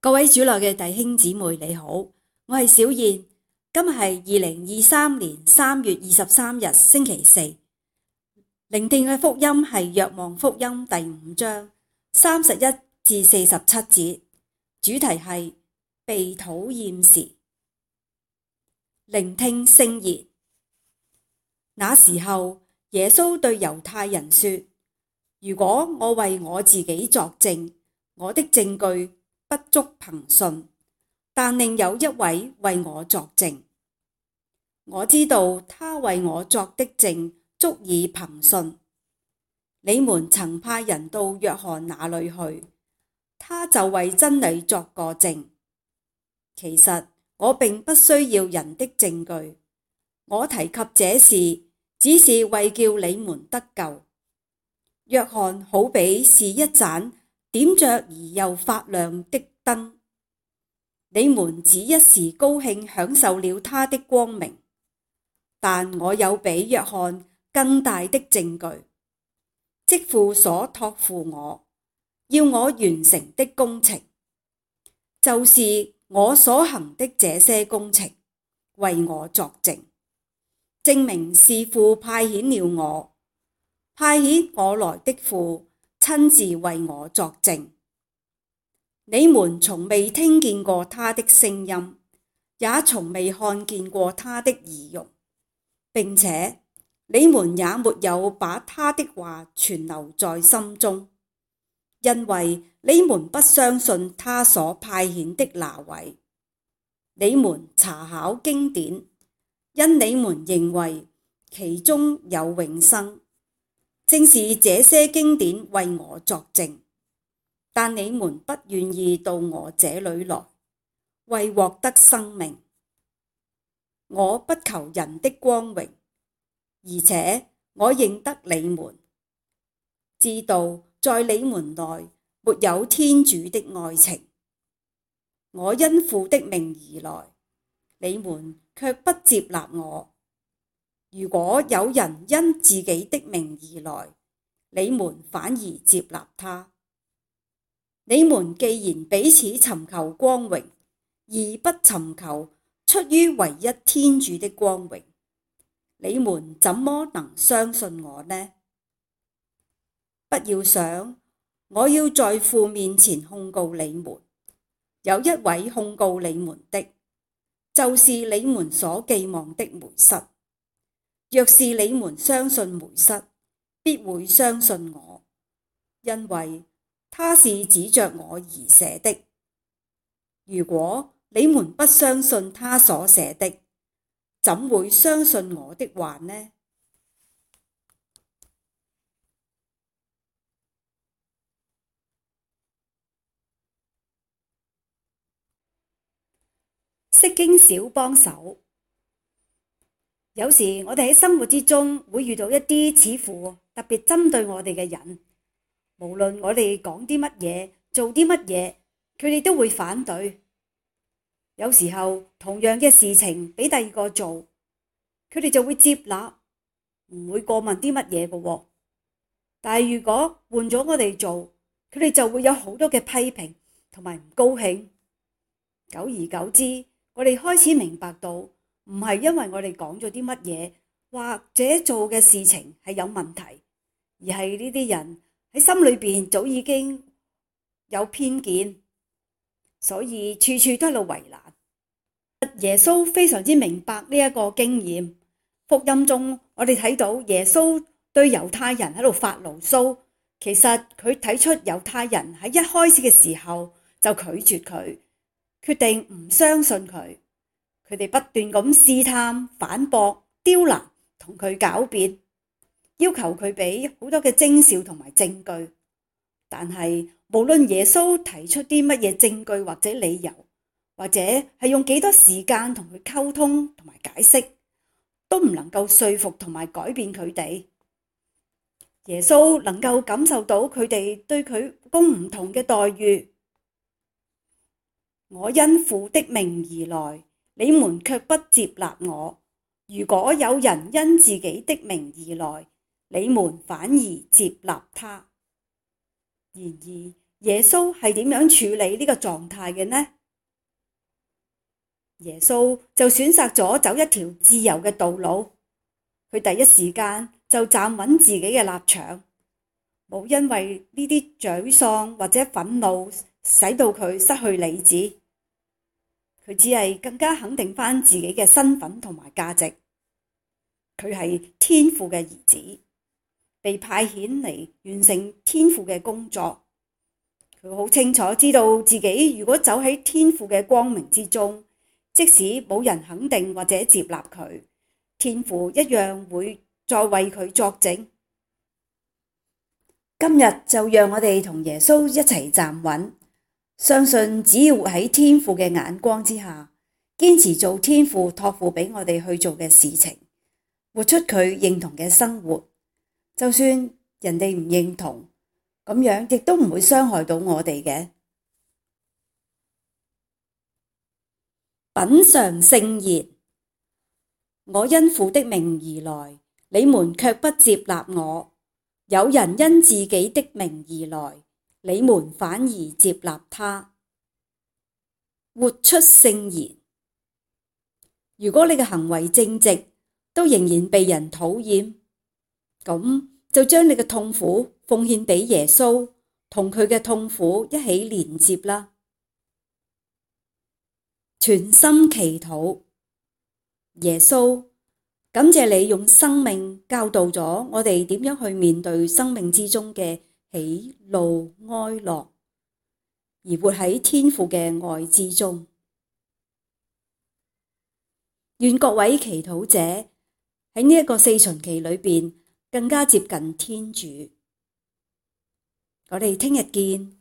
各位主內嘅弟兄姊妹，你好，我係小燕。今日係二零二三年三月二十三日星期四，聆聽嘅福音係《若望福音》第五章三十一至四十七節，主題係被討厭時。聆聽聖言。那時候耶穌對猶太人說：如果我為我自己作證，我的證據。不足憑信，但另有一位為我作證，我知道他為我作的證足以憑信。你們曾派人到若翰那裏去，他就為真理作過證。其實我並不需要人的證據，我提及這事，只是為叫你們得救。若翰好比是一盞。點着而又發亮的燈，你們只一時高興享受了他的光明，但我有比若翰更大的證據，即父所託付我要我完成的工程，就是我所行的這些工程，為我作證，證明是父派遣了我，派遣我來的父。親自為我作證，你們從未聽見過他的聲音，也從未看見過他的儀容，並且你們也沒有把他的話存留在心中，因為你們不相信他所派遣的拿位。你們查考經典，因你們認為其中有永生。正是這些經典為我作證，但你們不願意到我這裏來，為獲得生命。我不求人的光榮，而且我認得你們，知道在你們內沒有天主的愛情。我因父的名而來，你們卻不接納我。如果有人因自己的名而來，你們反而接納他。你們既然彼此尋求光榮，而不尋求出於唯一天主的光榮，你們怎麼能相信我呢？不要想，我要在父面前控告你們，有一位控告你們的，就是你們所寄望的梅瑟。若是你們相信梅瑟，必會相信我，因為他是指着我而寫的。如果你們不相信他所寫的，怎會相信我的話呢？釋經小幫手。有時我哋喺生活之中會遇到一啲似乎特別針對我哋嘅人，無論我哋講啲乜嘢、做啲乜嘢，佢哋都會反對。有時候同樣嘅事情俾第二個做，佢哋就會接納，唔會過問啲乜嘢嘅。但係如果換咗我哋做，佢哋就會有好多嘅批評同埋唔高興。久而久之，我哋開始明白到。唔係因為我哋講咗啲乜嘢，或者做嘅事情係有問題，而係呢啲人喺心裏邊早已經有偏見，所以處處都喺度為難。耶穌非常之明白呢一個經驗。福音中我哋睇到耶穌對猶太人喺度發牢騷，其實佢睇出猶太人喺一開始嘅時候就拒絕佢，決定唔相信佢。佢哋不斷咁試探、反駁、刁難，同佢狡辯，要求佢俾好多嘅徵兆同埋證據。但係無論耶穌提出啲乜嘢證據或者理由，或者係用幾多時間同佢溝通同埋解釋，都唔能夠說服同埋改變佢哋。耶穌能夠感受到佢哋對佢供唔同嘅待遇。我因父的名而來。你們卻不接納我。如果有人因自己的名而來，你們反而接納他。然而耶穌係點樣處理呢個狀態嘅呢？耶穌就選擇咗走一條自由嘅道路。佢第一時間就站穩自己嘅立場，冇因為呢啲沮喪或者憤怒，使到佢失去理智。佢只係更加肯定翻自己嘅身份同埋價值，佢係天父嘅兒子，被派遣嚟完成天父嘅工作。佢好清楚知道自己如果走喺天父嘅光明之中，即使冇人肯定或者接納佢，天父一樣會再為佢作證。今日就讓我哋同耶穌一齊站穩。相信只要活喺天父嘅眼光之下，堅持做天父託付俾我哋去做嘅事情，活出佢認同嘅生活，就算人哋唔認同，咁樣亦都唔會傷害到我哋嘅。品嚐聖言，我因父的名而來，你們卻不接納我。有人因自己的名而來。你們反而接納他，活出聖言。如果你嘅行為正直，都仍然被人討厭，咁就將你嘅痛苦奉獻俾耶穌，同佢嘅痛苦一起連接啦。全心祈禱，耶穌，感謝你用生命教導咗我哋點樣去面對生命之中嘅。喜怒哀樂，而活喺天父嘅愛之中。願各位祈禱者喺呢一個四旬期裏邊更加接近天主。我哋聽日見。